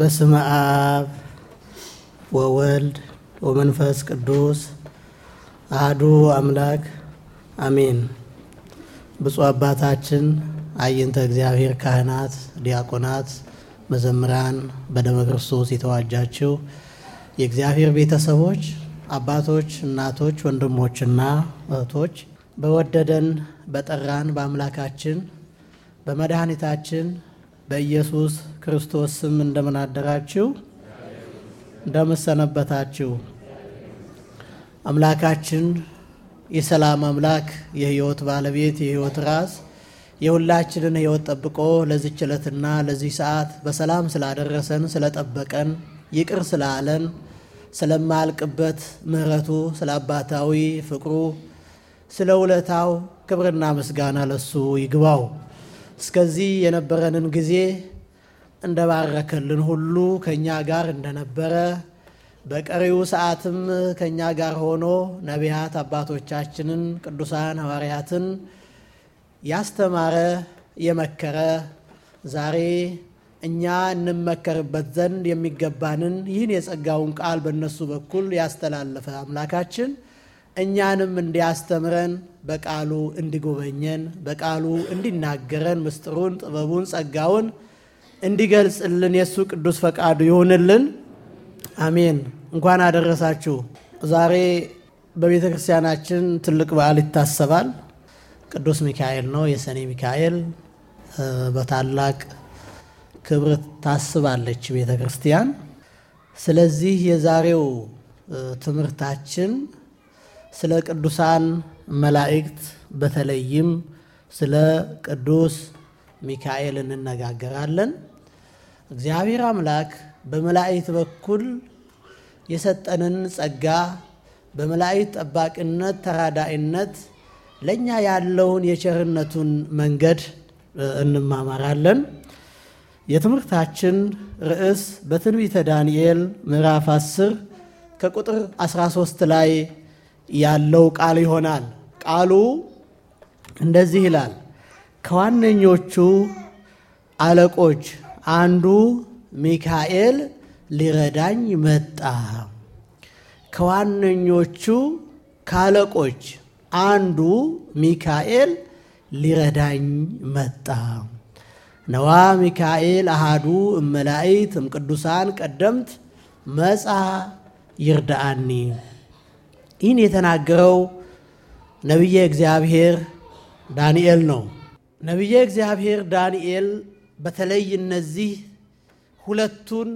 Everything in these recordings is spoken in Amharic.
በስመ አብ ወወልድ ወመንፈስ ቅዱስ አህዱ አምላክ አሜን። ብፁዕ አባታችን አይንተ እግዚአብሔር ካህናት፣ ዲያቆናት፣ መዘምራን በደመ ክርስቶስ የተዋጃችው የእግዚአብሔር ቤተሰቦች አባቶች፣ እናቶች፣ ወንድሞችና እህቶች በወደደን በጠራን በአምላካችን በመድኃኒታችን በኢየሱስ ክርስቶስ ስም እንደምን አደራችሁ? እንደምን ሰነበታችሁ? አምላካችን የሰላም አምላክ የህይወት ባለቤት የህይወት ራስ የሁላችንን ህይወት ጠብቆ ለዚች ዕለትና ለዚህ ሰዓት በሰላም ስላደረሰን ስለጠበቀን ይቅር ስላለን ስለማያልቅበት ምሕረቱ ስለ አባታዊ ፍቅሩ ስለ ውለታው ክብርና ምስጋና ለሱ ይግባው። እስከዚህ የነበረንን ጊዜ እንደባረከልን ሁሉ ከእኛ ጋር እንደነበረ በቀሪው ሰዓትም ከእኛ ጋር ሆኖ ነቢያት አባቶቻችንን ቅዱሳን ሐዋርያትን ያስተማረ የመከረ ዛሬ እኛ እንመከርበት ዘንድ የሚገባንን ይህን የጸጋውን ቃል በእነሱ በኩል ያስተላለፈ አምላካችን እኛንም እንዲያስተምረን በቃሉ እንዲጎበኘን በቃሉ እንዲናገረን ምስጢሩን ጥበቡን ጸጋውን እንዲገልጽልን የእሱ ቅዱስ ፈቃዱ ይሆንልን። አሜን። እንኳን አደረሳችሁ። ዛሬ በቤተ ክርስቲያናችን ትልቅ በዓል ይታሰባል። ቅዱስ ሚካኤል ነው። የሰኔ ሚካኤል በታላቅ ክብር ታስባለች ቤተ ክርስቲያን። ስለዚህ የዛሬው ትምህርታችን ስለ ቅዱሳን መላእክት በተለይም ስለ ቅዱስ ሚካኤል እንነጋገራለን። እግዚአብሔር አምላክ በመላእክት በኩል የሰጠንን ጸጋ በመላእክት ጠባቂነት ተራዳይነት ለእኛ ያለውን የቸርነቱን መንገድ እንማማራለን። የትምህርታችን ርዕስ በትንቢተ ዳንኤል ምዕራፍ 10 ከቁጥር 13 ላይ ያለው ቃል ይሆናል። ቃሉ እንደዚህ ይላል። ከዋነኞቹ አለቆች አንዱ ሚካኤል ሊረዳኝ መጣ። ከዋነኞቹ ካለቆች አንዱ ሚካኤል ሊረዳኝ መጣ። ነዋ ሚካኤል አሃዱ እመላእክት እምቅዱሳን ቀደምት መጻ ይርዳአኒ። ይህን የተናገረው ነቢየ እግዚአብሔር ዳንኤል ነው። ነቢየ እግዚአብሔር ዳንኤል በተለይ እነዚህ ሁለቱን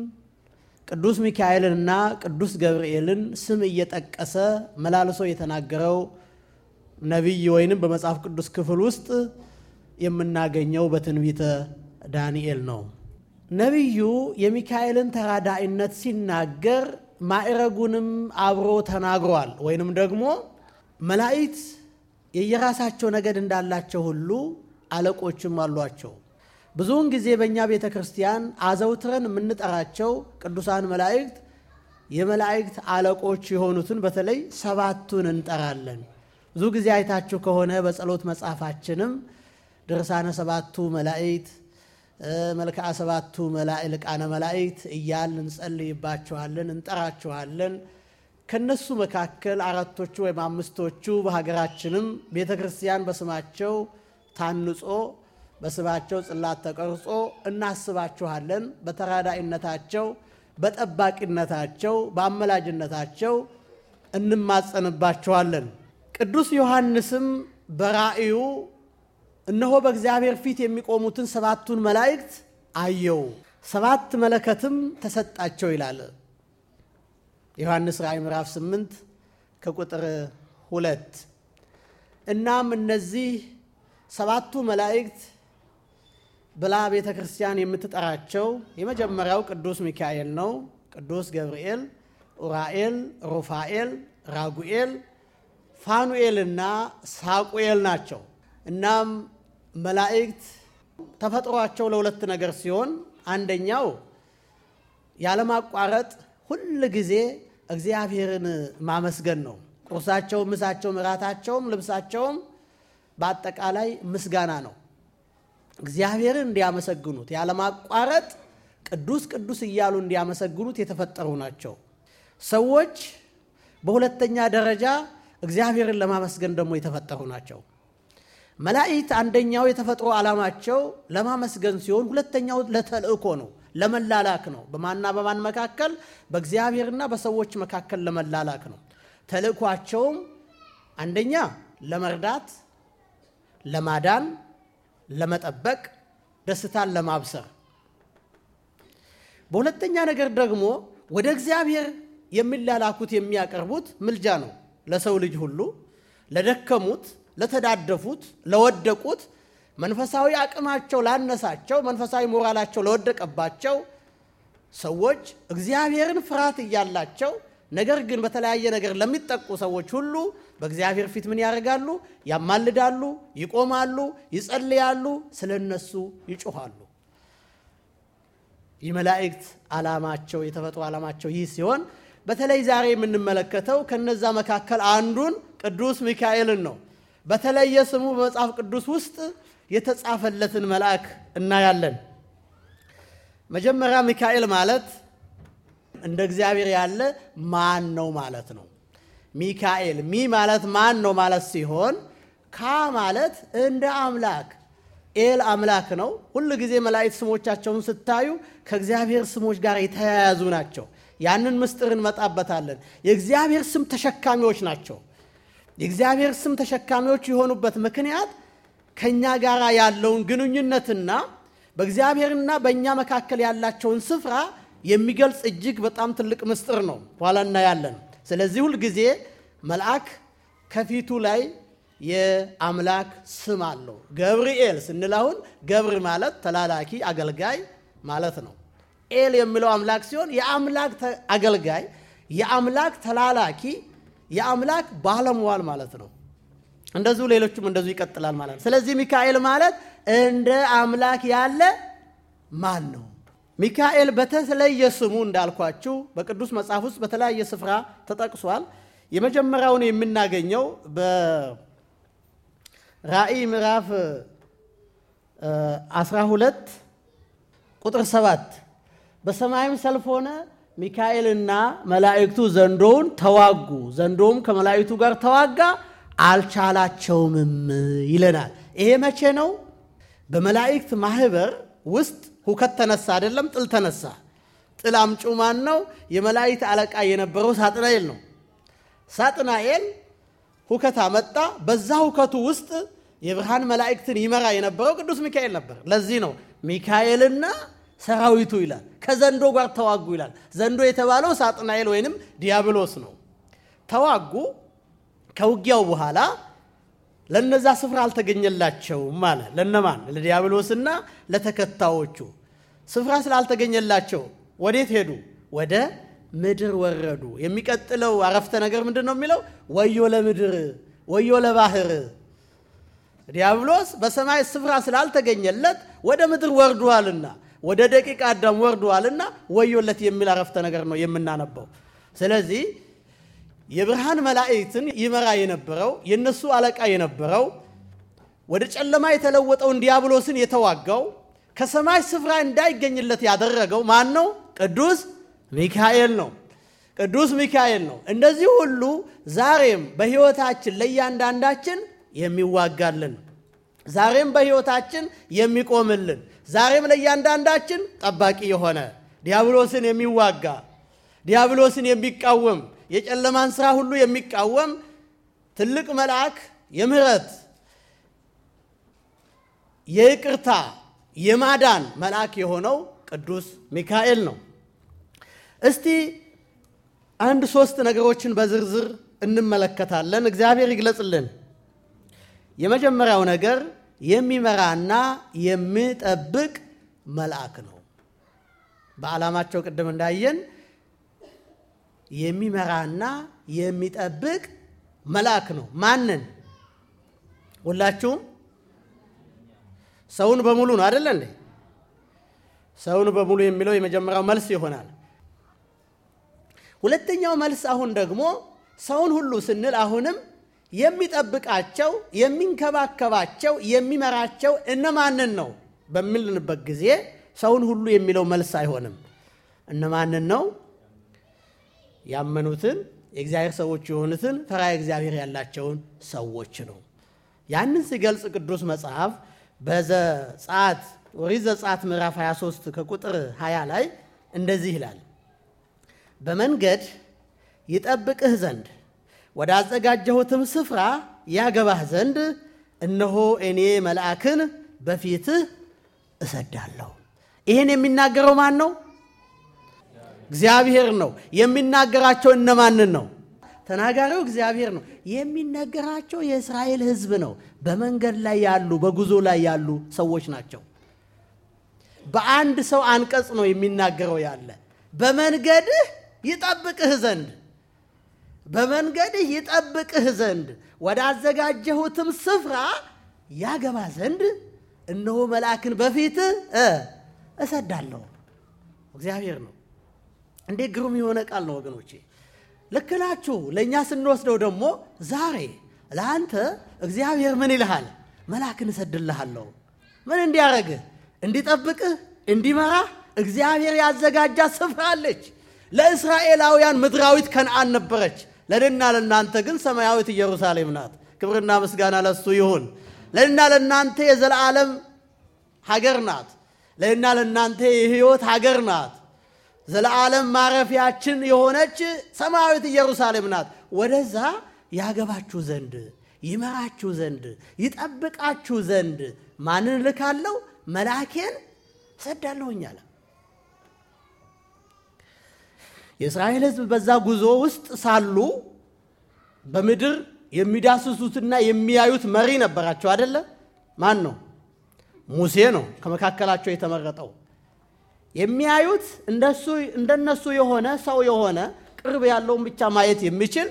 ቅዱስ ሚካኤልንና ቅዱስ ገብርኤልን ስም እየጠቀሰ መላልሶ የተናገረው ነቢይ ወይንም በመጽሐፍ ቅዱስ ክፍል ውስጥ የምናገኘው በትንቢተ ዳንኤል ነው። ነቢዩ የሚካኤልን ተራዳኢነት ሲናገር ማዕረጉንም አብሮ ተናግሯል። ወይንም ደግሞ መላእክት የየራሳቸው ነገድ እንዳላቸው ሁሉ አለቆችም አሏቸው። ብዙውን ጊዜ በእኛ ቤተ ክርስቲያን አዘውትረን የምንጠራቸው ቅዱሳን መላእክት የመላእክት አለቆች የሆኑትን በተለይ ሰባቱን እንጠራለን። ብዙ ጊዜ አይታችሁ ከሆነ በጸሎት መጽሐፋችንም ድርሳነ ሰባቱ መላእክት፣ መልክዓ ሰባቱ ልቃነ መላእክት እያል እንጸልይባችኋለን፣ እንጠራችኋለን። ከነሱ መካከል አራቶቹ ወይም አምስቶቹ በሀገራችንም ቤተ ክርስቲያን በስማቸው ታንጾ በስማቸው ጽላት ተቀርጾ እናስባችኋለን። በተራዳይነታቸው በጠባቂነታቸው፣ በአመላጅነታቸው እንማጸንባችኋለን። ቅዱስ ዮሐንስም በራእዩ እነሆ በእግዚአብሔር ፊት የሚቆሙትን ሰባቱን መላእክት አየው፣ ሰባት መለከትም ተሰጣቸው ይላል ዮሐንስ ራእይ ምዕራፍ 8 ከቁጥር ሁለት እናም እነዚህ ሰባቱ መላእክት ብላ ቤተ ክርስቲያን የምትጠራቸው የመጀመሪያው ቅዱስ ሚካኤል ነው። ቅዱስ ገብርኤል፣ ኡራኤል፣ ሩፋኤል፣ ራጉኤል፣ ፋኑኤልና ሳቁኤል ናቸው። እናም መላእክት ተፈጥሯቸው ለሁለት ነገር ሲሆን አንደኛው ያለማቋረጥ ሁል ጊዜ እግዚአብሔርን ማመስገን ነው። ቁርሳቸውም፣ ምሳቸውም፣ እራታቸውም፣ ልብሳቸውም በአጠቃላይ ምስጋና ነው። እግዚአብሔርን እንዲያመሰግኑት ያለማቋረጥ ቅዱስ ቅዱስ እያሉ እንዲያመሰግኑት የተፈጠሩ ናቸው። ሰዎች በሁለተኛ ደረጃ እግዚአብሔርን ለማመስገን ደግሞ የተፈጠሩ ናቸው። መላእክት አንደኛው የተፈጥሮ ዓላማቸው ለማመስገን ሲሆን፣ ሁለተኛው ለተልእኮ ነው፣ ለመላላክ ነው። በማንና በማን መካከል? በእግዚአብሔርና በሰዎች መካከል ለመላላክ ነው። ተልእኳቸውም አንደኛ ለመርዳት፣ ለማዳን ለመጠበቅ ደስታን ለማብሰር በሁለተኛ ነገር ደግሞ ወደ እግዚአብሔር የሚላላኩት የሚያቀርቡት ምልጃ ነው። ለሰው ልጅ ሁሉ ለደከሙት፣ ለተዳደፉት፣ ለወደቁት፣ መንፈሳዊ አቅማቸው ላነሳቸው፣ መንፈሳዊ ሞራላቸው ለወደቀባቸው ሰዎች እግዚአብሔርን ፍርሃት እያላቸው ነገር ግን በተለያየ ነገር ለሚጠቁ ሰዎች ሁሉ በእግዚአብሔር ፊት ምን ያደርጋሉ? ያማልዳሉ፣ ይቆማሉ፣ ይጸልያሉ፣ ስለ እነሱ ይጮኋሉ። የመላእክት ዓላማቸው የተፈጥሮ ዓላማቸው ይህ ሲሆን በተለይ ዛሬ የምንመለከተው ከነዛ መካከል አንዱን ቅዱስ ሚካኤልን ነው። በተለየ ስሙ በመጽሐፍ ቅዱስ ውስጥ የተጻፈለትን መልአክ እናያለን። መጀመሪያ ሚካኤል ማለት እንደ እግዚአብሔር ያለ ማን ነው ማለት ነው። ሚካኤል ሚ ማለት ማን ነው ማለት ሲሆን ካ ማለት እንደ አምላክ ኤል አምላክ ነው። ሁል ጊዜ መላእክት ስሞቻቸውን ስታዩ ከእግዚአብሔር ስሞች ጋር የተያያዙ ናቸው። ያንን ምስጢር እንመጣበታለን። የእግዚአብሔር ስም ተሸካሚዎች ናቸው። የእግዚአብሔር ስም ተሸካሚዎች የሆኑበት ምክንያት ከእኛ ጋር ያለውን ግንኙነትና በእግዚአብሔርና በእኛ መካከል ያላቸውን ስፍራ የሚገልጽ እጅግ በጣም ትልቅ ምስጢር ነው። ኋላ እናያለን። ስለዚህ ሁልጊዜ መልአክ ከፊቱ ላይ የአምላክ ስም አለው። ገብርኤል ስንል አሁን ገብር ማለት ተላላኪ አገልጋይ ማለት ነው። ኤል የሚለው አምላክ ሲሆን የአምላክ አገልጋይ፣ የአምላክ ተላላኪ፣ የአምላክ ባለሟል ማለት ነው። እንደዚሁ ሌሎቹም እንደዚሁ ይቀጥላል ማለት ነው። ስለዚህ ሚካኤል ማለት እንደ አምላክ ያለ ማን ነው? ሚካኤል በተለየ ስሙ እንዳልኳችሁ በቅዱስ መጽሐፍ ውስጥ በተለያየ ስፍራ ተጠቅሷል። የመጀመሪያውን የምናገኘው በራእይ ምዕራፍ 12 ቁጥር 7 በሰማይም ሰልፍ ሆነ፣ ሚካኤልና መላእክቱ ዘንዶውን ተዋጉ፣ ዘንዶውም ከመላእክቱ ጋር ተዋጋ፣ አልቻላቸውምም ይለናል። ይሄ መቼ ነው? በመላእክት ማህበር ውስጥ ሁከት ተነሳ፣ አይደለም ጥል ተነሳ። ጥል አምጩ ማን ነው? የመላእክት አለቃ የነበረው ሳጥናኤል ነው። ሳጥናኤል ሁከት አመጣ። በዛ ሁከቱ ውስጥ የብርሃን መላእክትን ይመራ የነበረው ቅዱስ ሚካኤል ነበር። ለዚህ ነው ሚካኤልና ሰራዊቱ ይላል። ከዘንዶ ጋር ተዋጉ ይላል። ዘንዶ የተባለው ሳጥናኤል ወይንም ዲያብሎስ ነው። ተዋጉ። ከውጊያው በኋላ ለነዛ ስፍራ አልተገኘላቸውም አለ። ለነማን? ለዲያብሎስና ለተከታዮቹ ስፍራ ስላልተገኘላቸው ወዴት ሄዱ? ወደ ምድር ወረዱ። የሚቀጥለው አረፍተ ነገር ምንድን ነው የሚለው? ወዮ ለምድር፣ ወዮ ለባህር። ዲያብሎስ በሰማይ ስፍራ ስላልተገኘለት ወደ ምድር ወርዷልና፣ ወደ ደቂቀ አዳም ወርዷልና ወዮለት የሚል አረፍተ ነገር ነው የምናነበው። ስለዚህ የብርሃን መላእክትን ይመራ የነበረው የነሱ አለቃ የነበረው ወደ ጨለማ የተለወጠውን ዲያብሎስን የተዋጋው ከሰማይ ስፍራ እንዳይገኝለት ያደረገው ማን ነው? ቅዱስ ሚካኤል ነው። ቅዱስ ሚካኤል ነው። እንደዚህ ሁሉ ዛሬም በሕይወታችን ለእያንዳንዳችን የሚዋጋልን፣ ዛሬም በሕይወታችን የሚቆምልን፣ ዛሬም ለእያንዳንዳችን ጠባቂ የሆነ ዲያብሎስን የሚዋጋ ዲያብሎስን የሚቃወም የጨለማን ስራ ሁሉ የሚቃወም ትልቅ መልአክ የምህረት የይቅርታ የማዳን መልአክ የሆነው ቅዱስ ሚካኤል ነው። እስቲ አንድ ሶስት ነገሮችን በዝርዝር እንመለከታለን። እግዚአብሔር ይግለጽልን። የመጀመሪያው ነገር የሚመራና የሚጠብቅ መልአክ ነው። በዓላማቸው ቅድም እንዳየን የሚመራና የሚጠብቅ መልአክ ነው። ማንን? ሁላችሁም ሰውን በሙሉ ነው አደለ እንዴ? ሰውን በሙሉ የሚለው የመጀመሪያው መልስ ይሆናል። ሁለተኛው መልስ አሁን ደግሞ ሰውን ሁሉ ስንል አሁንም የሚጠብቃቸው የሚንከባከባቸው የሚመራቸው እነማንን ነው በሚልንበት ጊዜ ሰውን ሁሉ የሚለው መልስ አይሆንም። እነማንን ነው ያመኑትን የእግዚአብሔር ሰዎች የሆኑትን ፈራ እግዚአብሔር ያላቸውን ሰዎች ነው። ያንን ሲገልጽ ቅዱስ መጽሐፍ በዘጸአት ኦሪት ዘጸአት ምዕራፍ 23 ከቁጥር 20 ላይ እንደዚህ ይላል፣ በመንገድ ይጠብቅህ ዘንድ ወደ አዘጋጀሁትም ስፍራ ያገባህ ዘንድ እነሆ እኔ መልአክን በፊትህ እሰዳለሁ። ይህን የሚናገረው ማን ነው? እግዚአብሔር ነው። የሚናገራቸው እነማንን ነው? ተናጋሪው እግዚአብሔር ነው። የሚነገራቸው የእስራኤል ሕዝብ ነው። በመንገድ ላይ ያሉ በጉዞ ላይ ያሉ ሰዎች ናቸው። በአንድ ሰው አንቀጽ ነው የሚናገረው ያለ በመንገድህ ይጠብቅህ ዘንድ በመንገድህ ይጠብቅህ ዘንድ ወዳዘጋጀሁትም ስፍራ ያገባ ዘንድ እነሆ መልአክን በፊት እሰዳለሁ። እግዚአብሔር ነው። እንዴት ግሩም የሆነ ቃል ነው ወገኖቼ። ልክላችሁ ለእኛ ስንወስደው ደግሞ ዛሬ ለአንተ እግዚአብሔር ምን ይልሃል? መልአክን እሰድልሃለሁ። ምን እንዲያረግህ፣ እንዲጠብቅህ፣ እንዲመራህ እግዚአብሔር ያዘጋጃ ስፍራ አለች። ለእስራኤላውያን ምድራዊት ከነአን ነበረች፣ ለእኔና ለእናንተ ግን ሰማያዊት ኢየሩሳሌም ናት። ክብርና ምስጋና ለሱ ይሁን። ለእኔና ለእናንተ የዘላለም ሀገር ናት። ለእኔና ለእናንተ የሕይወት ሀገር ናት። ዘለዓለም ማረፊያችን የሆነች ሰማያዊት ኢየሩሳሌም ናት። ወደዛ ያገባችሁ ዘንድ ይመራችሁ ዘንድ ይጠብቃችሁ ዘንድ ማንን ልካለው? መልአኬን ሰዳለሁኝ አለ። የእስራኤል ሕዝብ በዛ ጉዞ ውስጥ ሳሉ በምድር የሚዳስሱትና የሚያዩት መሪ ነበራቸው። አይደለም? ማን ነው? ሙሴ ነው ከመካከላቸው የተመረጠው። የሚያዩት እንደነሱ የሆነ ሰው የሆነ ቅርብ ያለውን ብቻ ማየት የሚችል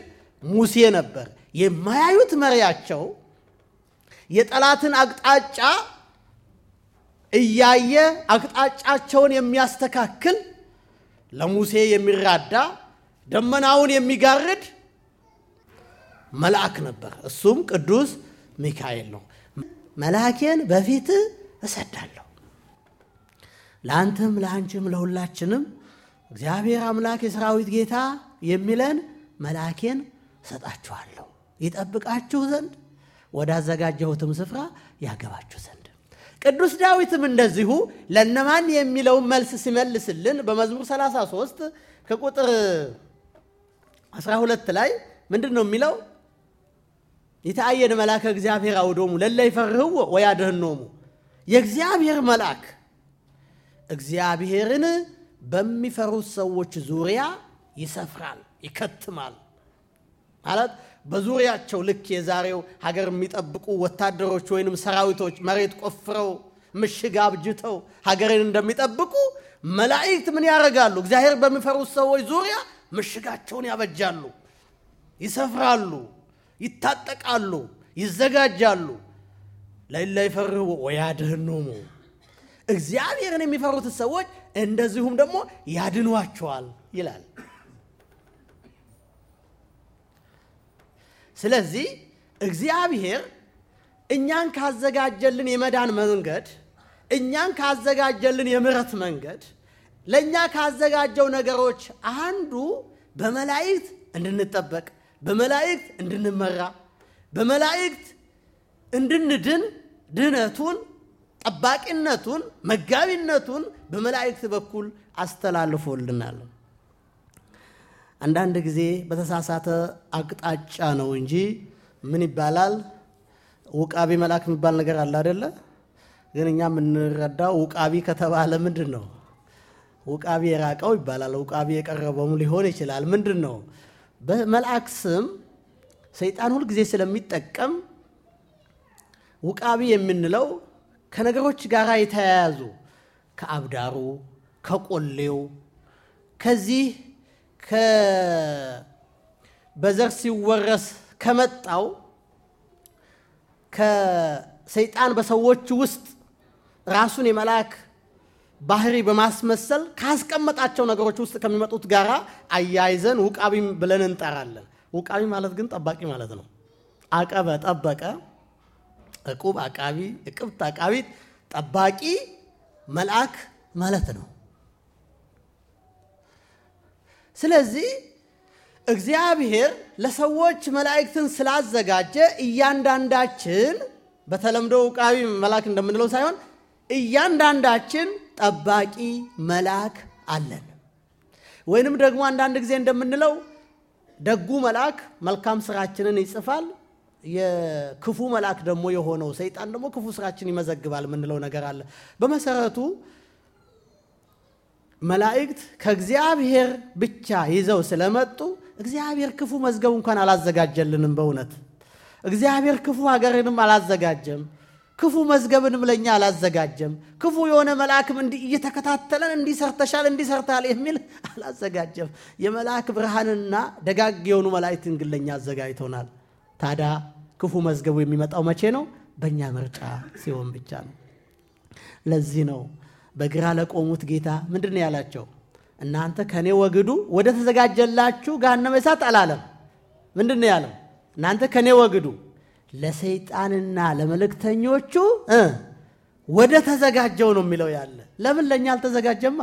ሙሴ ነበር። የማያዩት መሪያቸው የጠላትን አቅጣጫ እያየ አቅጣጫቸውን የሚያስተካክል ለሙሴ የሚራዳ ደመናውን የሚጋርድ መልአክ ነበር። እሱም ቅዱስ ሚካኤል ነው። መልአኬን በፊት እሰዳለሁ ለአንተም ለአንችም ለሁላችንም እግዚአብሔር አምላክ የሰራዊት ጌታ የሚለን መልአኬን ሰጣችኋለሁ ይጠብቃችሁ ዘንድ ወዳዘጋጀሁትም ስፍራ ያገባችሁ ዘንድ። ቅዱስ ዳዊትም እንደዚሁ ለነማን የሚለውን መልስ ሲመልስልን በመዝሙር 33 ከቁጥር 12 ላይ ምንድን ነው የሚለው? የተአየን መልአከ እግዚአብሔር አውዶሙ ለለ ይፈርህዎ ወያድህኖሙ የእግዚአብሔር መልአክ እግዚአብሔርን በሚፈሩት ሰዎች ዙሪያ ይሰፍራል፣ ይከትማል። ማለት በዙሪያቸው ልክ የዛሬው ሀገር የሚጠብቁ ወታደሮች ወይንም ሰራዊቶች መሬት ቆፍረው ምሽግ አብጅተው ሀገርን እንደሚጠብቁ መላእክት ምን ያደርጋሉ? እግዚአብሔር በሚፈሩት ሰዎች ዙሪያ ምሽጋቸውን ያበጃሉ፣ ይሰፍራሉ፣ ይታጠቃሉ፣ ይዘጋጃሉ። ለይለ ይፈርህ ወያድህኖሙ እግዚአብሔርን የሚፈሩትን ሰዎች እንደዚሁም ደግሞ ያድኗቸዋል ይላል። ስለዚህ እግዚአብሔር እኛን ካዘጋጀልን የመዳን መንገድ እኛን ካዘጋጀልን የምረት መንገድ ለእኛ ካዘጋጀው ነገሮች አንዱ በመላእክት እንድንጠበቅ፣ በመላእክት እንድንመራ፣ በመላእክት እንድንድን ድህነቱን ጠባቂነቱን መጋቢነቱን በመላእክት በኩል አስተላልፎልናል። አንዳንድ ጊዜ በተሳሳተ አቅጣጫ ነው እንጂ ምን ይባላል ውቃቢ መልአክ የሚባል ነገር አለ አደለ? ግን እኛ የምንረዳው ውቃቢ ከተባለ ምንድን ነው? ውቃቢ የራቀው ይባላል። ውቃቢ የቀረበውም ሊሆን ይችላል። ምንድን ነው? በመልአክ ስም ሰይጣን ሁልጊዜ ስለሚጠቀም ውቃቢ የምንለው ከነገሮች ጋር የተያያዙ ከአብዳሩ፣ ከቆሌው፣ ከዚህ በዘር ሲወረስ ከመጣው ከሰይጣን በሰዎች ውስጥ ራሱን የመላክ ባህሪ በማስመሰል ካስቀመጣቸው ነገሮች ውስጥ ከሚመጡት ጋር አያይዘን ውቃቢ ብለን እንጠራለን። ውቃቢ ማለት ግን ጠባቂ ማለት ነው። አቀበ ጠበቀ እቁብ አቃቢ፣ እቅብት አቃቢት ጠባቂ መልአክ ማለት ነው። ስለዚህ እግዚአብሔር ለሰዎች መላእክትን ስላዘጋጀ እያንዳንዳችን በተለምዶ ዕቃቢ መልአክ እንደምንለው ሳይሆን እያንዳንዳችን ጠባቂ መልአክ አለን። ወይንም ደግሞ አንዳንድ ጊዜ እንደምንለው ደጉ መልአክ መልካም ስራችንን ይጽፋል፣ የክፉ መልአክ ደግሞ የሆነው ሰይጣን ደግሞ ክፉ ስራችን ይመዘግባል የምንለው ነገር አለ። በመሰረቱ መላእክት ከእግዚአብሔር ብቻ ይዘው ስለመጡ እግዚአብሔር ክፉ መዝገብ እንኳን አላዘጋጀልንም። በእውነት እግዚአብሔር ክፉ ሀገርንም አላዘጋጀም። ክፉ መዝገብንም ለእኛ አላዘጋጀም። ክፉ የሆነ መልአክም እንዲህ እየተከታተለን እንዲሰርተሻል እንዲሰርታል የሚል አላዘጋጀም። የመልአክ ብርሃንና ደጋግ የሆኑ መላእክትን ግን ለእኛ አዘጋጅቶናል። ታዲያ ክፉ መዝገቡ የሚመጣው መቼ ነው? በእኛ ምርጫ ሲሆን ብቻ ነው። ለዚህ ነው በግራ ለቆሙት ጌታ ምንድን ነው ያላቸው? እናንተ ከእኔ ወግዱ፣ ወደ ተዘጋጀላችሁ ገሃነመ እሳት አላለም። ምንድን ነው ያለው? እናንተ ከእኔ ወግዱ፣ ለሰይጣንና ለመልእክተኞቹ ወደ ተዘጋጀው ነው የሚለው ያለ። ለምን ለእኛ አልተዘጋጀማ?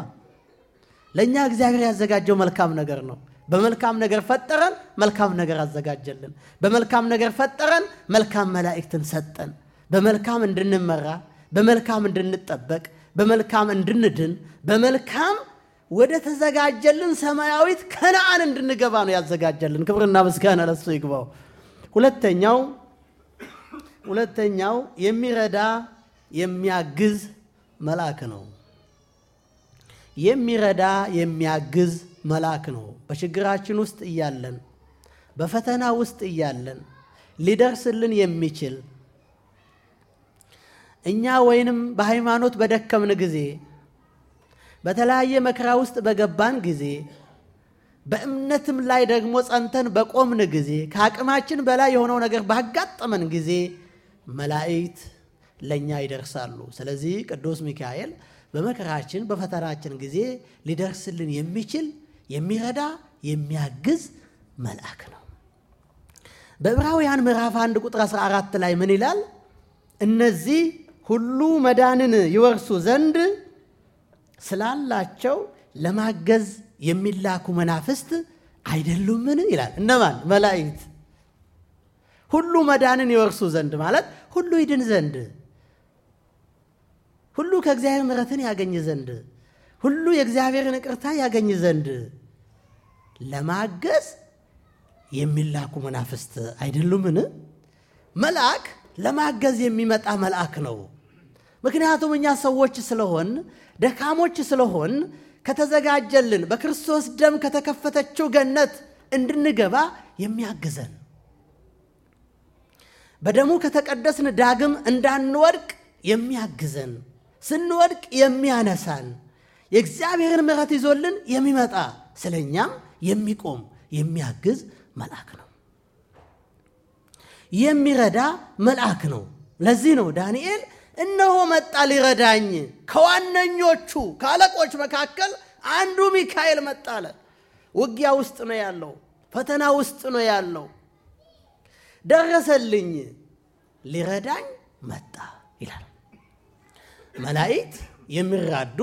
ለእኛ እግዚአብሔር ያዘጋጀው መልካም ነገር ነው። በመልካም ነገር ፈጠረን፣ መልካም ነገር አዘጋጀልን። በመልካም ነገር ፈጠረን፣ መልካም መላእክትን ሰጠን። በመልካም እንድንመራ፣ በመልካም እንድንጠበቅ፣ በመልካም እንድንድን፣ በመልካም ወደ ተዘጋጀልን ሰማያዊት ከነአን እንድንገባ ነው ያዘጋጀልን። ክብርና ምስጋና ለሱ ይግባው። ሁለተኛው ሁለተኛው የሚረዳ የሚያግዝ መልአክ ነው። የሚረዳ የሚያግዝ መልአክ ነው። በችግራችን ውስጥ እያለን በፈተና ውስጥ እያለን ሊደርስልን የሚችል እኛ ወይንም በሃይማኖት በደከምን ጊዜ በተለያየ መከራ ውስጥ በገባን ጊዜ በእምነትም ላይ ደግሞ ጸንተን በቆምን ጊዜ ከአቅማችን በላይ የሆነው ነገር ባጋጠመን ጊዜ መላእክት ለእኛ ይደርሳሉ። ስለዚህ ቅዱስ ሚካኤል በመከራችን በፈተናችን ጊዜ ሊደርስልን የሚችል የሚረዳ የሚያግዝ መልአክ ነው። በዕብራውያን ምዕራፍ 1 ቁጥር 14 ላይ ምን ይላል? እነዚህ ሁሉ መዳንን ይወርሱ ዘንድ ስላላቸው ለማገዝ የሚላኩ መናፍስት አይደሉምን? ይላል። እነማን? መላእክት። ሁሉ መዳንን ይወርሱ ዘንድ ማለት ሁሉ ይድን ዘንድ ሁሉ ከእግዚአብሔር ምረትን ያገኝ ዘንድ ሁሉ የእግዚአብሔርን ቅርታ ያገኝ ዘንድ ለማገዝ የሚላኩ መናፍስት አይደሉምን? መልአክ ለማገዝ የሚመጣ መልአክ ነው። ምክንያቱም እኛ ሰዎች ስለሆን ደካሞች ስለሆን ከተዘጋጀልን በክርስቶስ ደም ከተከፈተችው ገነት እንድንገባ የሚያግዘን በደሙ ከተቀደስን ዳግም እንዳንወድቅ የሚያግዘን ስንወድቅ የሚያነሳን የእግዚአብሔርን ምሕረት ይዞልን የሚመጣ ስለኛም የሚቆም የሚያግዝ መልአክ ነው። የሚረዳ መልአክ ነው። ለዚህ ነው ዳንኤል እነሆ መጣ ሊረዳኝ ከዋነኞቹ ከአለቆች መካከል አንዱ ሚካኤል መጣ አለ። ውጊያ ውስጥ ነው ያለው፣ ፈተና ውስጥ ነው ያለው። ደረሰልኝ፣ ሊረዳኝ መጣ ይላል። መላእክት የሚራዱ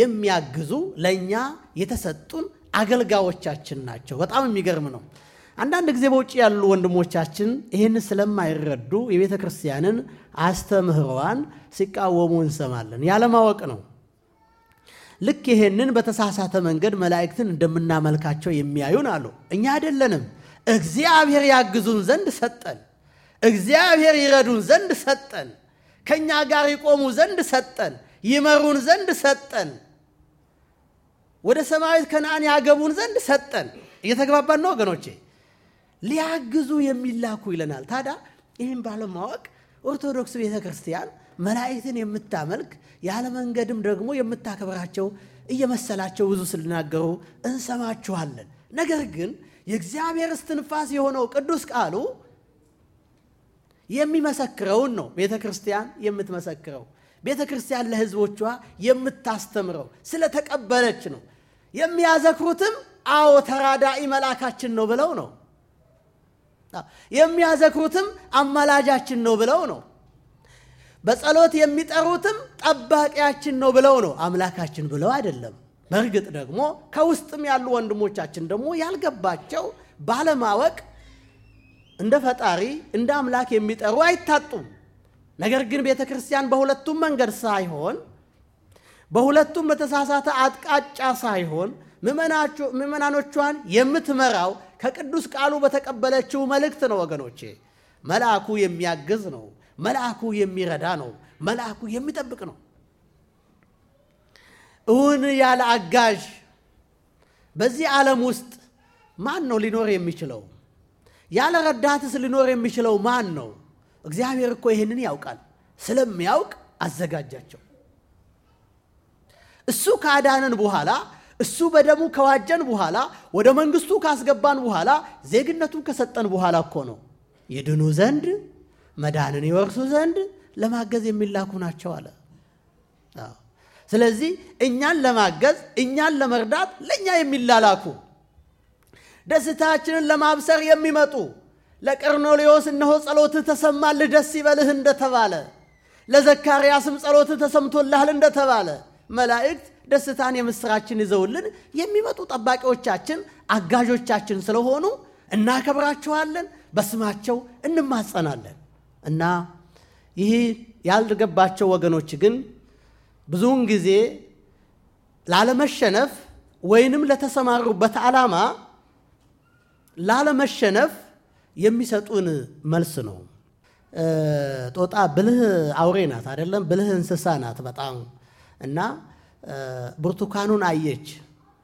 የሚያግዙ ለእኛ የተሰጡን አገልጋዮቻችን ናቸው። በጣም የሚገርም ነው። አንዳንድ ጊዜ በውጭ ያሉ ወንድሞቻችን ይህን ስለማይረዱ የቤተ ክርስቲያንን አስተምህሮዋን ሲቃወሙ እንሰማለን። ያለማወቅ ነው። ልክ ይህንን በተሳሳተ መንገድ መላእክትን እንደምናመልካቸው የሚያዩን አሉ። እኛ አይደለንም። እግዚአብሔር ያግዙን ዘንድ ሰጠን። እግዚአብሔር ይረዱን ዘንድ ሰጠን። ከእኛ ጋር ይቆሙ ዘንድ ሰጠን፣ ይመሩን ዘንድ ሰጠን፣ ወደ ሰማያዊት ከነአን ያገቡን ዘንድ ሰጠን። እየተግባባን ነው ወገኖቼ። ሊያግዙ የሚላኩ ይለናል። ታዲያ ይህም ባለማወቅ ኦርቶዶክስ ቤተ ክርስቲያን መላእክትን የምታመልክ ያለ መንገድም ደግሞ የምታከብራቸው እየመሰላቸው ብዙ ስልናገሩ እንሰማችኋለን። ነገር ግን የእግዚአብሔር እስትንፋስ የሆነው ቅዱስ ቃሉ የሚመሰክረውን ነው ቤተ ክርስቲያን የምትመሰክረው። ቤተ ክርስቲያን ለህዝቦቿ የምታስተምረው ስለተቀበለች ነው። የሚያዘክሩትም አዎ ተራዳኢ መልአካችን ነው ብለው ነው። የሚያዘክሩትም አማላጃችን ነው ብለው ነው። በጸሎት የሚጠሩትም ጠባቂያችን ነው ብለው ነው። አምላካችን ብለው አይደለም። በእርግጥ ደግሞ ከውስጥም ያሉ ወንድሞቻችን ደግሞ ያልገባቸው ባለማወቅ እንደ ፈጣሪ እንደ አምላክ የሚጠሩ አይታጡም። ነገር ግን ቤተ ክርስቲያን በሁለቱም መንገድ ሳይሆን በሁለቱም በተሳሳተ አቅጣጫ ሳይሆን ምዕመናኖቿን የምትመራው ከቅዱስ ቃሉ በተቀበለችው መልእክት ነው። ወገኖቼ መልአኩ የሚያግዝ ነው። መልአኩ የሚረዳ ነው። መልአኩ የሚጠብቅ ነው። እውን ያለ አጋዥ በዚህ ዓለም ውስጥ ማን ነው ሊኖር የሚችለው? ያለ ረዳትስ ልኖር የሚችለው ማን ነው? እግዚአብሔር እኮ ይህንን ያውቃል። ስለሚያውቅ አዘጋጃቸው። እሱ ካዳነን በኋላ እሱ በደሙ ከዋጀን በኋላ ወደ መንግስቱ ካስገባን በኋላ ዜግነቱን ከሰጠን በኋላ እኮ ነው ይድኑ ዘንድ መዳንን ይወርሱ ዘንድ ለማገዝ የሚላኩ ናቸው አለ። ስለዚህ እኛን ለማገዝ እኛን ለመርዳት ለእኛ የሚላላኩ ደስታችንን ለማብሰር የሚመጡ ለቀርኔሌዎስ እነሆ ጸሎትህ ተሰማልህ ደስ ይበልህ እንደተባለ ለዘካርያስም ጸሎትህ ተሰምቶልሃል እንደተባለ መላእክት ደስታን የምስራችን ይዘውልን የሚመጡ ጠባቂዎቻችን፣ አጋዦቻችን ስለሆኑ እናከብራቸዋለን፣ በስማቸው እንማጸናለን እና ይህ ያልገባቸው ወገኖች ግን ብዙውን ጊዜ ላለመሸነፍ ወይንም ለተሰማሩበት ዓላማ ላለመሸነፍ የሚሰጡን መልስ ነው። ጦጣ ብልህ አውሬ ናት አይደለም፣ ብልህ እንስሳ ናት በጣም እና ብርቱካኑን አየች፣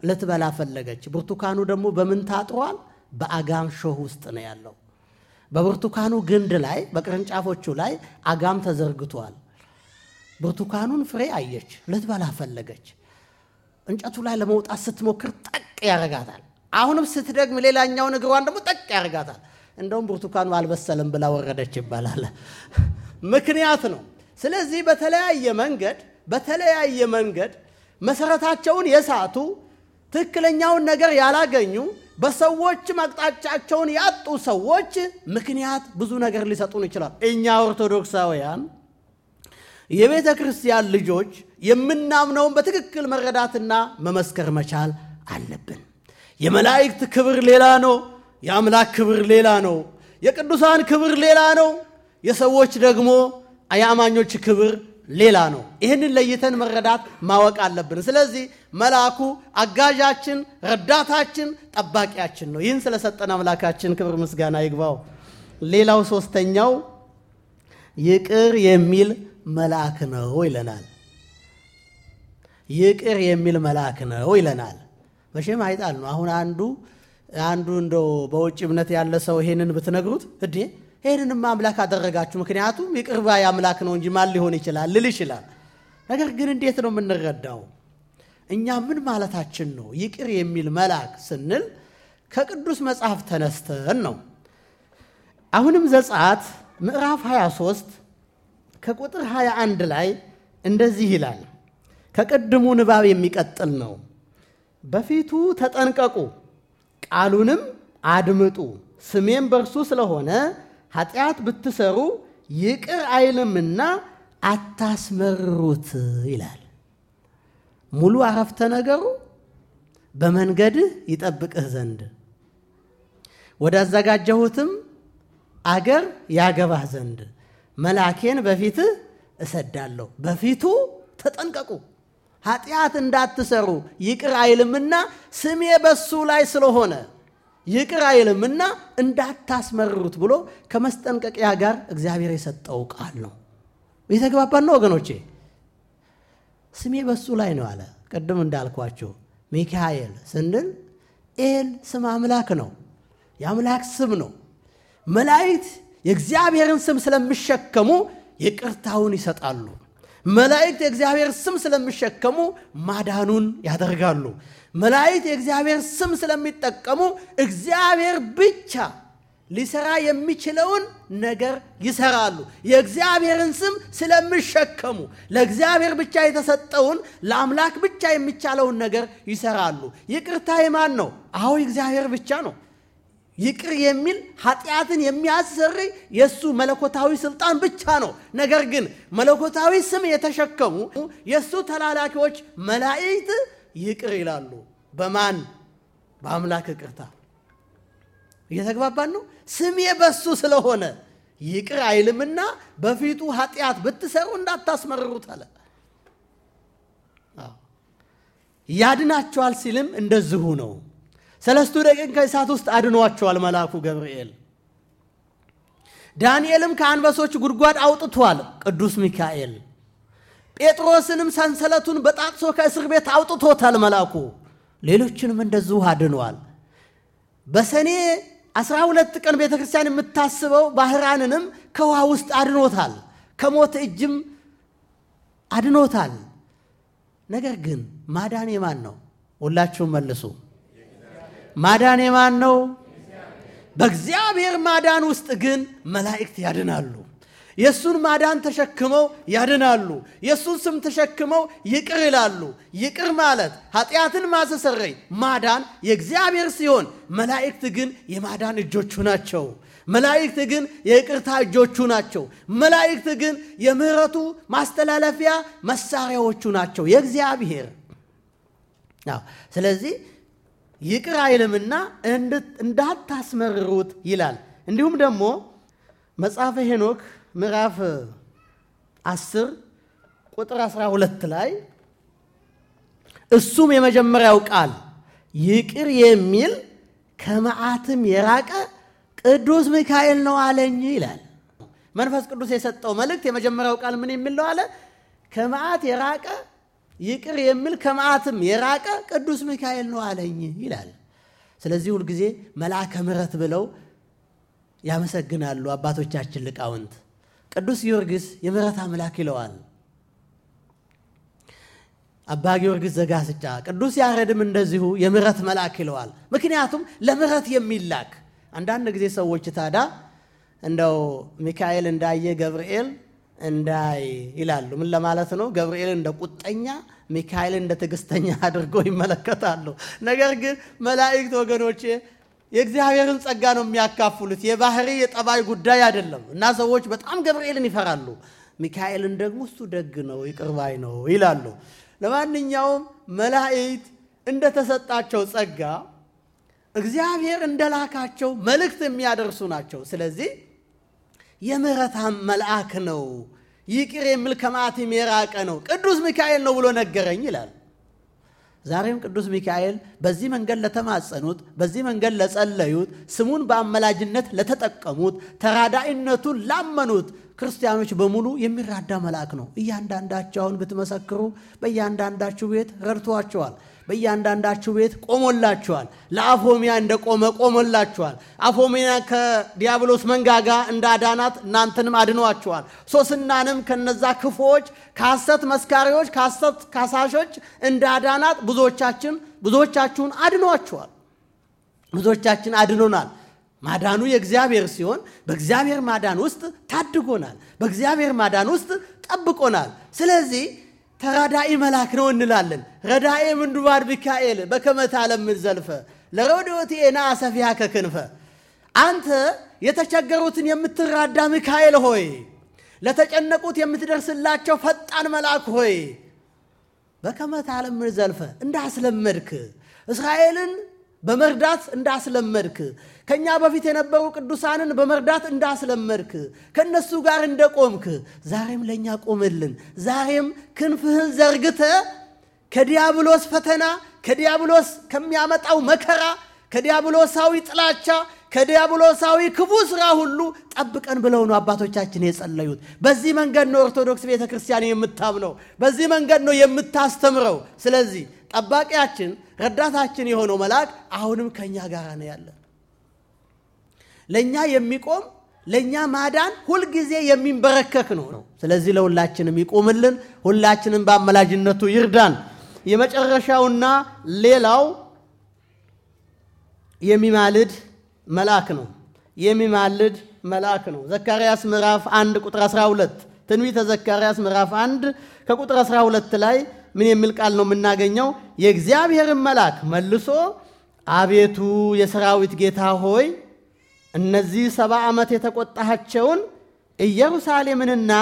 ልትበላ ፈለገች። ብርቱካኑ ደግሞ በምን ታጥሯል? በአጋም ሾህ ውስጥ ነው ያለው። በብርቱካኑ ግንድ ላይ በቅርንጫፎቹ ላይ አጋም ተዘርግቷል። ብርቱካኑን ፍሬ አየች፣ ልትበላ ፈለገች። እንጨቱ ላይ ለመውጣት ስትሞክር ጠቅ ያረጋታል። አሁንም ስትደግም ሌላኛውን እግሯን ደግሞ ጠቅ ያደርጋታል። እንደውም ብርቱካኑ አልበሰለም ብላ ወረደች ይባላል። ምክንያት ነው። ስለዚህ በተለያየ መንገድ በተለያየ መንገድ መሰረታቸውን የሳቱ ትክክለኛውን ነገር ያላገኙ በሰዎች አቅጣጫቸውን ያጡ ሰዎች ምክንያት ብዙ ነገር ሊሰጡን ይችላል። እኛ ኦርቶዶክሳውያን የቤተ ክርስቲያን ልጆች የምናምነውን በትክክል መረዳትና መመስከር መቻል አለብን። የመላእክት ክብር ሌላ ነው። የአምላክ ክብር ሌላ ነው። የቅዱሳን ክብር ሌላ ነው። የሰዎች ደግሞ የአማኞች ክብር ሌላ ነው። ይህንን ለይተን መረዳት ማወቅ አለብን። ስለዚህ መልአኩ አጋዣችን፣ ረዳታችን፣ ጠባቂያችን ነው። ይህን ስለሰጠን አምላካችን ክብር ምስጋና ይግባው። ሌላው ሶስተኛው ይቅር የሚል መልአክ ነው ይለናል። ይቅር የሚል መልአክ ነው ይለናል። መቼም አይጣል ነው። አሁን አንዱ አንዱ እንደው በውጭ እምነት ያለ ሰው ይሄንን ብትነግሩት እዴ ይሄንንም አምላክ አደረጋችሁ፣ ምክንያቱም ይቅርባ የአምላክ አምላክ ነው እንጂ ማን ሊሆን ይችላል ልል ይችላል። ነገር ግን እንዴት ነው የምንረዳው? እኛ ምን ማለታችን ነው? ይቅር የሚል መልአክ ስንል ከቅዱስ መጽሐፍ ተነስተን ነው። አሁንም ዘጸአት ምዕራፍ 23 ከቁጥር 21 ላይ እንደዚህ ይላል። ከቅድሙ ንባብ የሚቀጥል ነው። በፊቱ ተጠንቀቁ፣ ቃሉንም አድምጡ። ስሜም በእርሱ ስለሆነ ኃጢአት ብትሰሩ ይቅር አይልምና አታስመርሩት ይላል። ሙሉ አረፍተ ነገሩ በመንገድህ ይጠብቅህ ዘንድ ወዳዘጋጀሁትም አገር ያገባህ ዘንድ መልአኬን በፊትህ እሰዳለሁ። በፊቱ ተጠንቀቁ። ኃጢአት እንዳትሰሩ ይቅር አይልምና ስሜ በሱ ላይ ስለሆነ ይቅር አይልምና እንዳታስመርሩት ብሎ ከመስጠንቀቂያ ጋር እግዚአብሔር የሰጠው ቃል ነው። የተግባባን ነው ወገኖቼ። ስሜ በሱ ላይ ነው አለ። ቅድም እንዳልኳቸው ሚካኤል ስንል ኤል ስም አምላክ ነው፣ የአምላክ ስም ነው። መላእክት የእግዚአብሔርን ስም ስለሚሸከሙ ይቅርታውን ይሰጣሉ። መላእክት የእግዚአብሔር ስም ስለሚሸከሙ ማዳኑን ያደርጋሉ። መላእክት የእግዚአብሔር ስም ስለሚጠቀሙ እግዚአብሔር ብቻ ሊሰራ የሚችለውን ነገር ይሰራሉ። የእግዚአብሔርን ስም ስለሚሸከሙ ለእግዚአብሔር ብቻ የተሰጠውን ለአምላክ ብቻ የሚቻለውን ነገር ይሰራሉ። ይቅርታ የማን ነው? አዎ እግዚአብሔር ብቻ ነው። ይቅር የሚል ኃጢአትን የሚያሰሪ የእሱ መለኮታዊ ስልጣን ብቻ ነው። ነገር ግን መለኮታዊ ስም የተሸከሙ የእሱ ተላላኪዎች መላእክት ይቅር ይላሉ። በማን በአምላክ ይቅርታ። እየተግባባን ነው። ስሜ በሱ ስለሆነ ይቅር አይልምና በፊቱ ኃጢአት ብትሰሩ እንዳታስመርሩት አለ። ያድናቸዋል ሲልም እንደዚሁ ነው። ሰለስቱ ደቂቅ ከእሳት ውስጥ አድኗቸዋል መልአኩ ገብርኤል። ዳንኤልም ከአንበሶች ጉድጓድ አውጥቷል ቅዱስ ሚካኤል። ጴጥሮስንም ሰንሰለቱን በጣጥሶ ከእስር ቤት አውጥቶታል መልአኩ። ሌሎችንም እንደዚሁ አድኗል። በሰኔ አስራ ሁለት ቀን ቤተ ክርስቲያን የምታስበው ባህራንንም ከውሃ ውስጥ አድኖታል፣ ከሞት እጅም አድኖታል። ነገር ግን ማዳን የማን ነው? ሁላችሁም መልሱ። ማዳን የማን ነው? በእግዚአብሔር ማዳን ውስጥ ግን መላእክት ያድናሉ። የእሱን ማዳን ተሸክመው ያድናሉ። የእሱን ስም ተሸክመው ይቅር ይላሉ። ይቅር ማለት ኃጢአትን ማስተሰረይ ማዳን የእግዚአብሔር ሲሆን፣ መላእክት ግን የማዳን እጆቹ ናቸው። መላእክት ግን የይቅርታ እጆቹ ናቸው። መላእክት ግን የምህረቱ ማስተላለፊያ መሳሪያዎቹ ናቸው የእግዚአብሔር። ስለዚህ ይቅር አይልምና እንዳታስመርሩት ይላል። እንዲሁም ደግሞ መጽሐፈ ሄኖክ ምዕራፍ 10 ቁጥር 12 ላይ እሱም የመጀመሪያው ቃል ይቅር የሚል ከመዓትም የራቀ ቅዱስ ሚካኤል ነው አለኝ ይላል። መንፈስ ቅዱስ የሰጠው መልእክት የመጀመሪያው ቃል ምን የሚል ነው አለ? ከመዓት የራቀ ይቅር የሚል ከመዓትም የራቀ ቅዱስ ሚካኤል ነው አለኝ ይላል። ስለዚህ ሁልጊዜ መልአከ ምሕረት ብለው ያመሰግናሉ አባቶቻችን ሊቃውንት። ቅዱስ ጊዮርጊስ የምሕረት አምላክ ይለዋል አባ ጊዮርጊስ ዘጋስጫ። ቅዱስ ያሬድም እንደዚሁ የምሕረት መልአክ ይለዋል። ምክንያቱም ለምሕረት የሚላክ አንዳንድ ጊዜ ሰዎች ታዳ እንደው ሚካኤል እንዳየ ገብርኤል እንዳይ ይላሉ። ምን ለማለት ነው? ገብርኤል እንደ ቁጠኛ፣ ሚካኤል እንደ ትዕግስተኛ አድርጎ ይመለከታሉ። ነገር ግን መላእክት ወገኖቼ የእግዚአብሔርን ጸጋ ነው የሚያካፍሉት። የባህሪ የጠባይ ጉዳይ አይደለም እና ሰዎች በጣም ገብርኤልን ይፈራሉ። ሚካኤልን ደግሞ እሱ ደግ ነው ይቅርባይ ነው ይላሉ። ለማንኛውም መላእክት እንደተሰጣቸው ጸጋ እግዚአብሔር እንደላካቸው መልእክት የሚያደርሱ ናቸው። ስለዚህ የምሕረት መልአክ ነው፣ ይቅር የሚል ከመዓትም የራቀ ነው፣ ቅዱስ ሚካኤል ነው ብሎ ነገረኝ ይላል። ዛሬም ቅዱስ ሚካኤል በዚህ መንገድ ለተማጸኑት፣ በዚህ መንገድ ለጸለዩት፣ ስሙን በአመላጅነት ለተጠቀሙት፣ ተራዳኢነቱን ላመኑት ክርስቲያኖች በሙሉ የሚራዳ መልአክ ነው። እያንዳንዳቸውን አሁን ብትመሰክሩ በእያንዳንዳችሁ ቤት ረድቷቸዋል። በእያንዳንዳችሁ ቤት ቆሞላችኋል። ለአፎሚያ እንደቆመ ቆሞላችኋል። አፎሚያ ከዲያብሎስ መንጋጋ እንዳዳናት እናንተንም አድኗችኋል። ሶስናንም ከነዛ ክፉዎች፣ ከሐሰት መስካሪዎች፣ ከሐሰት ካሳሾች እንዳዳናት ብዙዎቻችን ብዙዎቻችሁን አድኗችኋል። ብዙዎቻችን አድኖናል። ማዳኑ የእግዚአብሔር ሲሆን በእግዚአብሔር ማዳን ውስጥ ታድጎናል። በእግዚአብሔር ማዳን ውስጥ ጠብቆናል። ስለዚህ ተራዳኢ መልአክ ነው እንላለን። ረዳኤ ምንዱባድ ሚካኤል በከመታ ለምንዘልፈ ለረድኤት ነአሰፊሃ ከክንፈ አንተ የተቸገሩትን የምትራዳ ሚካኤል ሆይ፣ ለተጨነቁት የምትደርስላቸው ፈጣን መልአክ ሆይ በከመታ ዘልፈ እንዳስለመድክ እስራኤልን በመርዳት እንዳስለመድክ ከእኛ በፊት የነበሩ ቅዱሳንን በመርዳት እንዳስለመድክ ከእነሱ ጋር እንደቆምክ ዛሬም ለእኛ ቆምልን። ዛሬም ክንፍህን ዘርግተ ከዲያብሎስ ፈተና ከዲያብሎስ ከሚያመጣው መከራ ከዲያብሎሳዊ ጥላቻ ከዲያብሎሳዊ ክፉ ሥራ ሁሉ ጠብቀን ብለው ነው አባቶቻችን የጸለዩት። በዚህ መንገድ ነው ኦርቶዶክስ ቤተ ክርስቲያን የምታምነው። በዚህ መንገድ ነው የምታስተምረው። ስለዚህ ጠባቂያችን፣ ረዳታችን የሆነው መልአክ አሁንም ከእኛ ጋር ነው ያለ። ለእኛ የሚቆም ለእኛ ማዳን ሁልጊዜ የሚንበረከክ ነው ነው። ስለዚህ ለሁላችንም ይቆምልን፣ ሁላችንም በአመላጅነቱ ይርዳን። የመጨረሻውና ሌላው የሚማልድ መልአክ ነው። የሚማልድ መልአክ ነው። ዘካርያስ ምዕራፍ 1 ቁጥር 12 ትንቢተ ዘካርያስ ምዕራፍ 1 ከቁጥር 12 ላይ ምን የሚል ቃል ነው የምናገኘው? የእግዚአብሔርን መልአክ መልሶ አቤቱ የሰራዊት ጌታ ሆይ እነዚህ ሰባ ዓመት የተቆጣሃቸውን ኢየሩሳሌምንና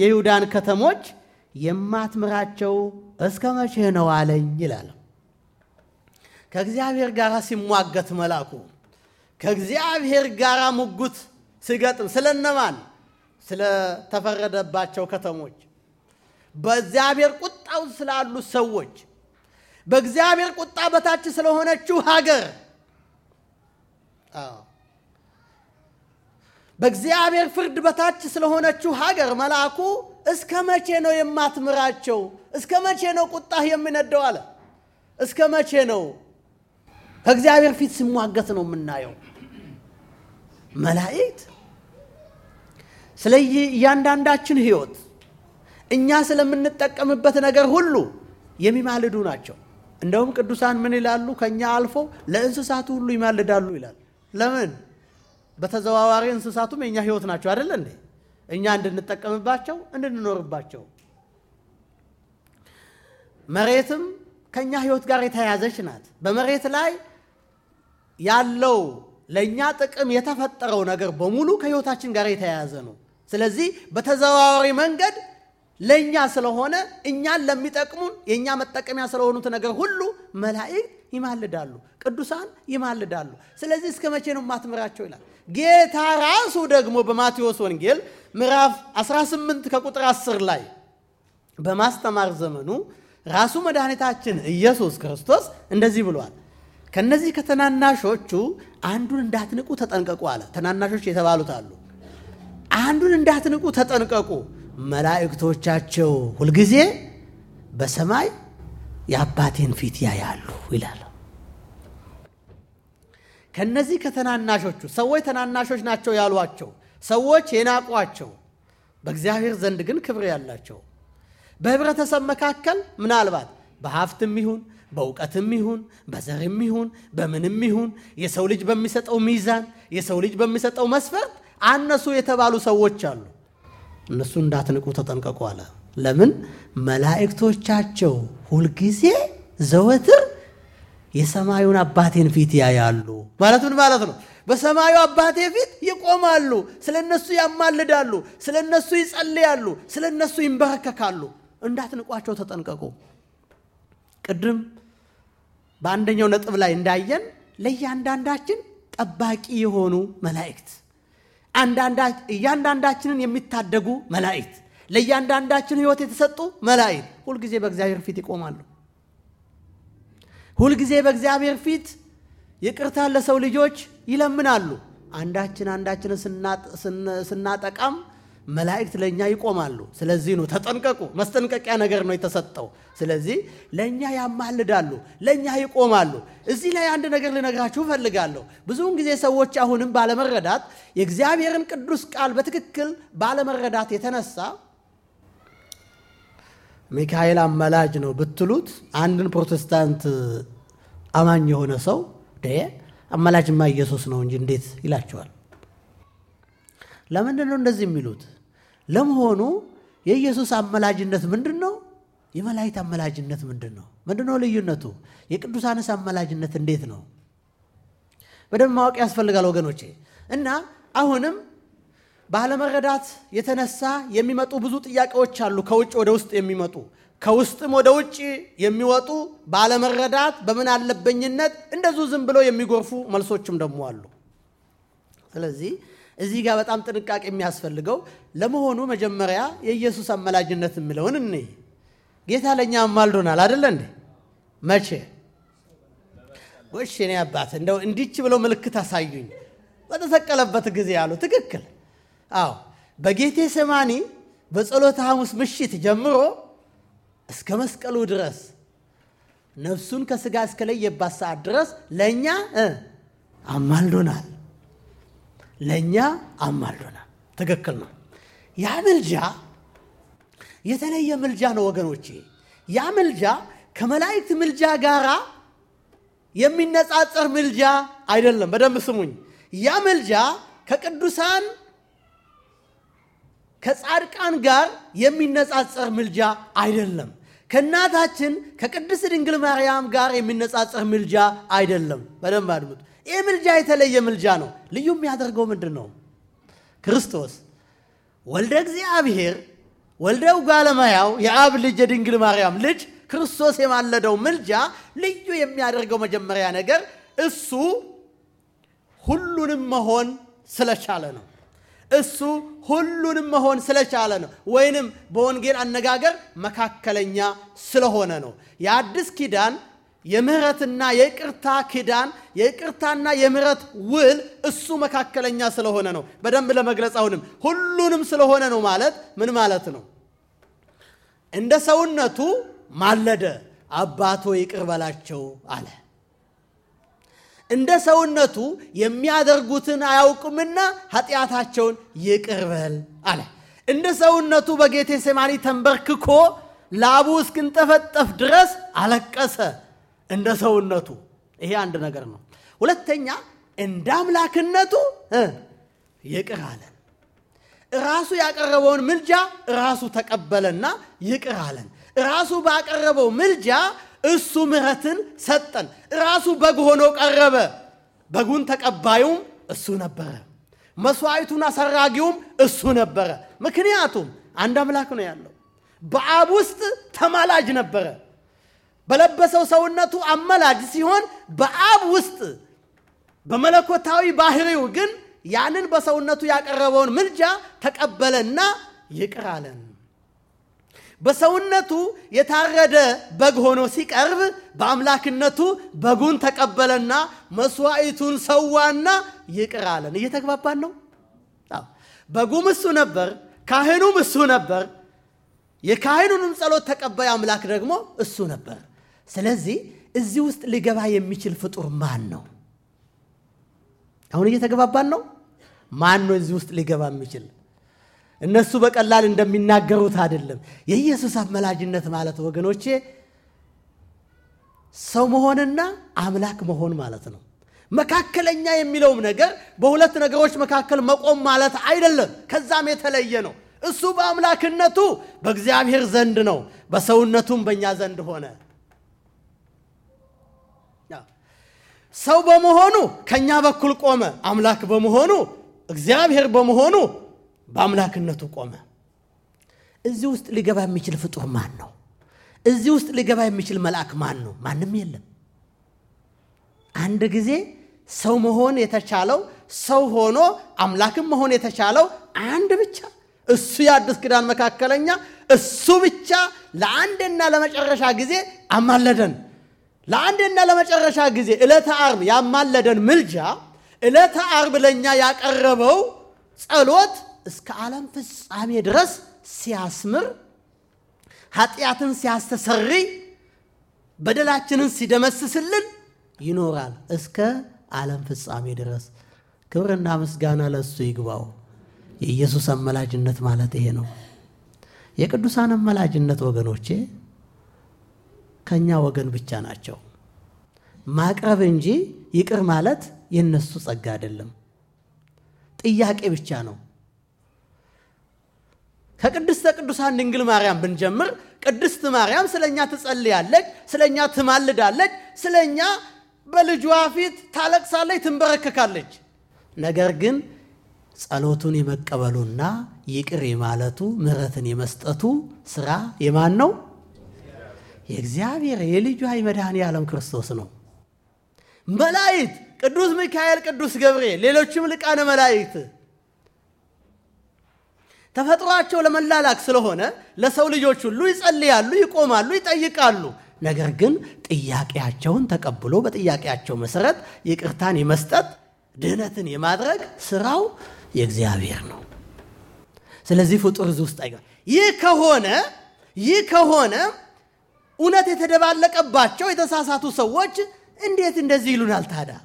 የይሁዳን ከተሞች የማትምራቸው እስከ መቼ ነው አለኝ ይላል። ከእግዚአብሔር ጋር ሲሟገት መልአኩ ከእግዚአብሔር ጋር ሙጉት ሲገጥም ስለነማን? ስለተፈረደባቸው ከተሞች በእግዚአብሔር ቁጣ ስላሉ ሰዎች፣ በእግዚአብሔር ቁጣ በታች ስለሆነችው ሀገር፣ በእግዚአብሔር ፍርድ በታች ስለሆነችው ሀገር መልአኩ እስከ መቼ ነው የማትምራቸው? እስከ መቼ ነው ቁጣህ የሚነደው? አለ። እስከ መቼ ነው? ከእግዚአብሔር ፊት ሲሟገት ነው የምናየው መላእክት ስለ እያንዳንዳችን ህይወት እኛ ስለምንጠቀምበት ነገር ሁሉ የሚማልዱ ናቸው። እንደውም ቅዱሳን ምን ይላሉ? ከእኛ አልፎ ለእንስሳቱ ሁሉ ይማልዳሉ ይላል። ለምን? በተዘዋዋሪ እንስሳቱም የእኛ ህይወት ናቸው አይደለ እንዴ? እኛ እንድንጠቀምባቸው እንድንኖርባቸው። መሬትም ከእኛ ህይወት ጋር የተያያዘች ናት። በመሬት ላይ ያለው ለእኛ ጥቅም የተፈጠረው ነገር በሙሉ ከህይወታችን ጋር የተያያዘ ነው። ስለዚህ በተዘዋዋሪ መንገድ ለእኛ ስለሆነ እኛን ለሚጠቅሙን የእኛ መጠቀሚያ ስለሆኑት ነገር ሁሉ መላእክት ይማልዳሉ፣ ቅዱሳን ይማልዳሉ። ስለዚህ እስከ መቼ ነው ማትምራቸው ይላል። ጌታ ራሱ ደግሞ በማቴዎስ ወንጌል ምዕራፍ 18 ከቁጥር 10 ላይ በማስተማር ዘመኑ ራሱ መድኃኒታችን ኢየሱስ ክርስቶስ እንደዚህ ብሏል። ከነዚህ ከተናናሾቹ አንዱን እንዳትንቁ ተጠንቀቁ አለ። ተናናሾች የተባሉት አሉ። አንዱን እንዳትንቁ ተጠንቀቁ መላእክቶቻቸው ሁልጊዜ በሰማይ የአባቴን ፊት ያያሉ ይላል። ከነዚህ ከተናናሾቹ ሰዎች ተናናሾች ናቸው ያሏቸው ሰዎች የናቋቸው፣ በእግዚአብሔር ዘንድ ግን ክብር ያላቸው በህብረተሰብ መካከል ምናልባት በሀብትም ይሁን በእውቀትም ይሁን በዘርም ይሁን በምንም ይሁን የሰው ልጅ በሚሰጠው ሚዛን የሰው ልጅ በሚሰጠው መስፈርት አነሱ የተባሉ ሰዎች አሉ። እነሱ እንዳትንቁ ተጠንቀቁ አለ። ለምን መላእክቶቻቸው ሁልጊዜ ዘወትር የሰማዩን አባቴን ፊት ያያሉ። ማለት ምን ማለት ነው? በሰማዩ አባቴ ፊት ይቆማሉ፣ ስለ እነሱ ያማልዳሉ፣ ስለ እነሱ ይጸልያሉ፣ ስለ እነሱ ይንበረከካሉ። እንዳትንቋቸው ተጠንቀቁ። ቅድም በአንደኛው ነጥብ ላይ እንዳየን ለእያንዳንዳችን ጠባቂ የሆኑ መላእክት እያንዳንዳችንን የሚታደጉ መላእክት፣ ለእያንዳንዳችን ህይወት የተሰጡ መላእክት ሁልጊዜ በእግዚአብሔር ፊት ይቆማሉ። ሁልጊዜ በእግዚአብሔር ፊት ይቅርታን ለሰው ልጆች ይለምናሉ። አንዳችን አንዳችንን ስናጠቃም መላእክት ለእኛ ይቆማሉ። ስለዚህ ነው ተጠንቀቁ፣ መስጠንቀቂያ ነገር ነው የተሰጠው። ስለዚህ ለእኛ ያማልዳሉ፣ ለእኛ ይቆማሉ። እዚህ ላይ አንድ ነገር ልነግራችሁ እፈልጋለሁ። ብዙውን ጊዜ ሰዎች አሁንም ባለመረዳት የእግዚአብሔርን ቅዱስ ቃል በትክክል ባለመረዳት የተነሳ ሚካኤል አመላጅ ነው ብትሉት አንድን ፕሮቴስታንት አማኝ የሆነ ሰው አመላጅማ ኢየሱስ ነው እንጂ እንዴት ይላቸዋል። ለምንድን ነው እንደዚህ የሚሉት? ለመሆኑ የኢየሱስ አመላጅነት ምንድን ነው? የመላእክት አመላጅነት ምንድን ነው? ምንድን ነው ልዩነቱ? የቅዱሳንስ አመላጅነት እንዴት ነው? በደንብ ማወቅ ያስፈልጋል ወገኖቼ። እና አሁንም ባለመረዳት የተነሳ የሚመጡ ብዙ ጥያቄዎች አሉ። ከውጭ ወደ ውስጥ የሚመጡ ከውስጥም ወደ ውጭ የሚወጡ ባለመረዳት፣ በምን አለበኝነት እንደዚሁ ዝም ብለው የሚጎርፉ መልሶችም ደግሞ አሉ። ስለዚህ እዚህ ጋር በጣም ጥንቃቄ የሚያስፈልገው ለመሆኑ መጀመሪያ የኢየሱስ አመላጅነት የምለውን እንይ። ጌታ ለእኛ አማልዶናል አደለ እንዴ? መቼ ጎሽ፣ እኔ አባት እንደው እንዲች ብለው ምልክት አሳዩኝ በተሰቀለበት ጊዜ አሉ። ትክክል። አዎ በጌቴ ሰማኒ በጸሎተ ሐሙስ ምሽት ጀምሮ እስከ መስቀሉ ድረስ ነፍሱን ከስጋ እስከለየባት ሰዓት ድረስ ለእኛ አማልዶናል። ለእኛ አማልዶናል። ትክክል ነው። ያ ምልጃ የተለየ ምልጃ ነው ወገኖቼ። ያ ምልጃ ከመላእክት ምልጃ ጋር የሚነጻጸር ምልጃ አይደለም። በደንብ ስሙኝ። ያ ምልጃ ከቅዱሳን ከጻድቃን ጋር የሚነጻጸር ምልጃ አይደለም። ከእናታችን ከቅድስት ድንግል ማርያም ጋር የሚነጻጸር ምልጃ አይደለም። በደንብ አድምጡ። ይህ ምልጃ የተለየ ምልጃ ነው። ልዩ የሚያደርገው ምንድን ነው? ክርስቶስ ወልደ እግዚአብሔር ወልደ ጋለማያው የአብ ልጅ የድንግል ማርያም ልጅ ክርስቶስ የማለደው ምልጃ ልዩ የሚያደርገው መጀመሪያ ነገር እሱ ሁሉንም መሆን ስለቻለ ነው። እሱ ሁሉንም መሆን ስለቻለ ነው። ወይንም በወንጌል አነጋገር መካከለኛ ስለሆነ ነው። የአዲስ ኪዳን የምህረትና የቅርታ ኪዳን የቅርታና የምህረት ውል እሱ መካከለኛ ስለሆነ ነው። በደንብ ለመግለጽ አሁንም ሁሉንም ስለሆነ ነው ማለት ምን ማለት ነው? እንደ ሰውነቱ ማለደ፣ አባቶ ይቅር በላቸው አለ። እንደ ሰውነቱ የሚያደርጉትን አያውቁምና ኃጢአታቸውን ይቅር በል አለ። እንደ ሰውነቱ በጌቴ ሴማኒ ተንበርክኮ ላቡ እስክንጠፈጠፍ ድረስ አለቀሰ። እንደ ሰውነቱ። ይሄ አንድ ነገር ነው። ሁለተኛ እንደ አምላክነቱ ይቅር አለን። ራሱ ያቀረበውን ምልጃ ራሱ ተቀበለና ይቅር አለን። ራሱ ባቀረበው ምልጃ እሱ ምረትን ሰጠን። ራሱ በግ ሆኖ ቀረበ። በጉን ተቀባዩም እሱ ነበረ። መስዋዕቱን አሰራጊውም እሱ ነበረ። ምክንያቱም አንድ አምላክ ነው ያለው። በአብ ውስጥ ተማላጅ ነበረ። በለበሰው ሰውነቱ አመላጅ ሲሆን በአብ ውስጥ በመለኮታዊ ባህሪው ግን ያንን በሰውነቱ ያቀረበውን ምልጃ ተቀበለና ይቅር አለን። በሰውነቱ የታረደ በግ ሆኖ ሲቀርብ በአምላክነቱ በጉን ተቀበለና መስዋዕቱን ሰዋና ይቅር አለን። እየተግባባን ነው። በጉም እሱ ነበር፣ ካህኑም እሱ ነበር። የካህኑንም ጸሎት ተቀባይ አምላክ ደግሞ እሱ ነበር። ስለዚህ እዚህ ውስጥ ሊገባ የሚችል ፍጡር ማን ነው? አሁን እየተገባባን ነው። ማን ነው እዚህ ውስጥ ሊገባ የሚችል? እነሱ በቀላል እንደሚናገሩት አይደለም። የኢየሱስ አመላጅነት ማለት ወገኖቼ ሰው መሆንና አምላክ መሆን ማለት ነው። መካከለኛ የሚለውም ነገር በሁለት ነገሮች መካከል መቆም ማለት አይደለም፣ ከዛም የተለየ ነው። እሱ በአምላክነቱ በእግዚአብሔር ዘንድ ነው፣ በሰውነቱም በእኛ ዘንድ ሆነ። ሰው በመሆኑ ከእኛ በኩል ቆመ። አምላክ በመሆኑ እግዚአብሔር በመሆኑ በአምላክነቱ ቆመ። እዚህ ውስጥ ሊገባ የሚችል ፍጡር ማን ነው? እዚህ ውስጥ ሊገባ የሚችል መልአክ ማን ነው? ማንም የለም። አንድ ጊዜ ሰው መሆን የተቻለው ሰው ሆኖ አምላክም መሆን የተቻለው አንድ ብቻ እሱ የአዲስ ኪዳን መካከለኛ እሱ ብቻ ለአንድና ለመጨረሻ ጊዜ አማለደን። ለአንድና ለመጨረሻ ጊዜ ዕለተ ዓርብ ያማለደን ምልጃ ዕለተ ዓርብ ለእኛ ያቀረበው ጸሎት እስከ ዓለም ፍጻሜ ድረስ ሲያስምር፣ ኃጢአትን ሲያስተሰሪ በደላችንን ሲደመስስልን ይኖራል እስከ ዓለም ፍጻሜ ድረስ። ክብርና ምስጋና ለእሱ ይግባው። የኢየሱስ አመላጅነት ማለት ይሄ ነው። የቅዱሳን አመላጅነት ወገኖቼ ከእኛ ወገን ብቻ ናቸው። ማቅረብ እንጂ ይቅር ማለት የነሱ ጸጋ አይደለም፣ ጥያቄ ብቻ ነው። ከቅድስተ ቅዱሳን ድንግል ማርያም ብንጀምር ቅድስት ማርያም ስለ እኛ ትጸልያለች፣ ስለ እኛ ትማልዳለች፣ ስለ እኛ በልጇ ፊት ታለቅሳለች፣ ትንበረከካለች። ነገር ግን ጸሎቱን የመቀበሉና ይቅር የማለቱ ምሕረትን የመስጠቱ ስራ የማን ነው? የእግዚአብሔር የልጁ መድኃኔ ዓለም ክርስቶስ ነው። መላእክት ቅዱስ ሚካኤል፣ ቅዱስ ገብርኤል፣ ሌሎችም ልቃነ መላእክት ተፈጥሯቸው ለመላላክ ስለሆነ ለሰው ልጆች ሁሉ ይጸልያሉ፣ ይቆማሉ፣ ይጠይቃሉ። ነገር ግን ጥያቄያቸውን ተቀብሎ በጥያቄያቸው መሰረት ይቅርታን የመስጠት ድህነትን የማድረግ ስራው የእግዚአብሔር ነው። ስለዚህ ፍጡር እዚህ ውስጥ አይገባም። ይህ ከሆነ ይህ ከሆነ እውነት የተደባለቀባቸው የተሳሳቱ ሰዎች እንዴት እንደዚህ ይሉናል ታዲያ?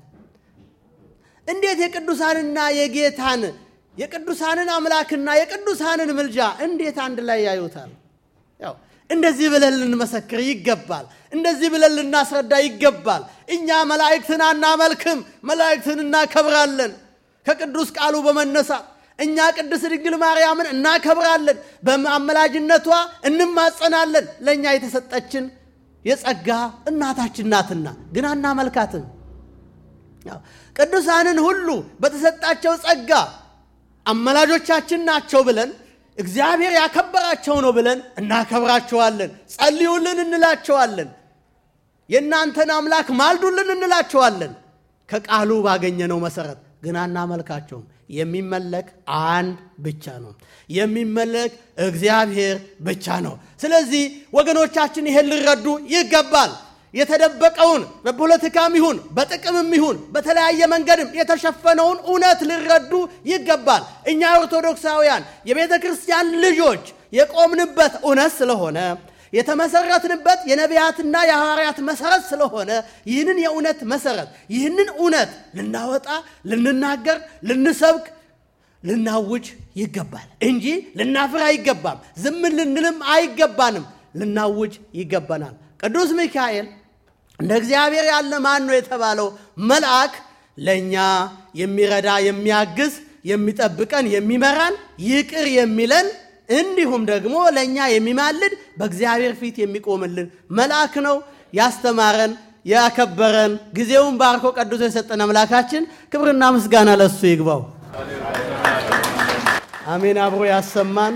እንዴት የቅዱሳንና የጌታን የቅዱሳንን አምላክና የቅዱሳንን ምልጃ እንዴት አንድ ላይ ያዩታል? ያው እንደዚህ ብለን ልንመሰክር ይገባል። እንደዚህ ብለን ልናስረዳ ይገባል። እኛ መላእክትን አናመልክም፣ መላእክትን እናከብራለን ከቅዱስ ቃሉ በመነሳት እኛ ቅድስት ድንግል ማርያምን እናከብራለን፣ በአመላጅነቷ እንማጸናለን። ለእኛ የተሰጠችን የጸጋ እናታችን ናትና ግን አናመልካትም። ቅዱሳንን ሁሉ በተሰጣቸው ጸጋ አመላጆቻችን ናቸው ብለን እግዚአብሔር ያከበራቸው ነው ብለን እናከብራቸዋለን። ጸልዩልን እንላቸዋለን። የእናንተን አምላክ ማልዱልን እንላቸዋለን። ከቃሉ ባገኘነው መሰረት ግን አናመልካቸውም። የሚመለክ አንድ ብቻ ነው። የሚመለክ እግዚአብሔር ብቻ ነው። ስለዚህ ወገኖቻችን ይሄን ሊረዱ ይገባል። የተደበቀውን በፖለቲካም ይሁን በጥቅምም ይሁን በተለያየ መንገድም የተሸፈነውን እውነት ሊረዱ ይገባል። እኛ ኦርቶዶክሳውያን የቤተ ክርስቲያን ልጆች የቆምንበት እውነት ስለሆነ የተመሰረትንበት የነቢያትና የሐዋርያት መሰረት ስለሆነ ይህንን የእውነት መሰረት ይህንን እውነት ልናወጣ፣ ልንናገር፣ ልንሰብክ፣ ልናውጅ ይገባል እንጂ ልናፍር አይገባም። ዝም ልንልም አይገባንም። ልናውጅ ይገባናል። ቅዱስ ሚካኤል እንደ እግዚአብሔር ያለ ማን ነው የተባለው መልአክ ለእኛ የሚረዳ የሚያግዝ የሚጠብቀን የሚመራን ይቅር የሚለን እንዲሁም ደግሞ ለእኛ የሚማልድ በእግዚአብሔር ፊት የሚቆምልን መልአክ ነው። ያስተማረን ያከበረን ጊዜውን ባርኮ ቀድሶ የሰጠን አምላካችን ክብርና ምስጋና ለሱ ይግባው። አሜን። አብሮ ያሰማን።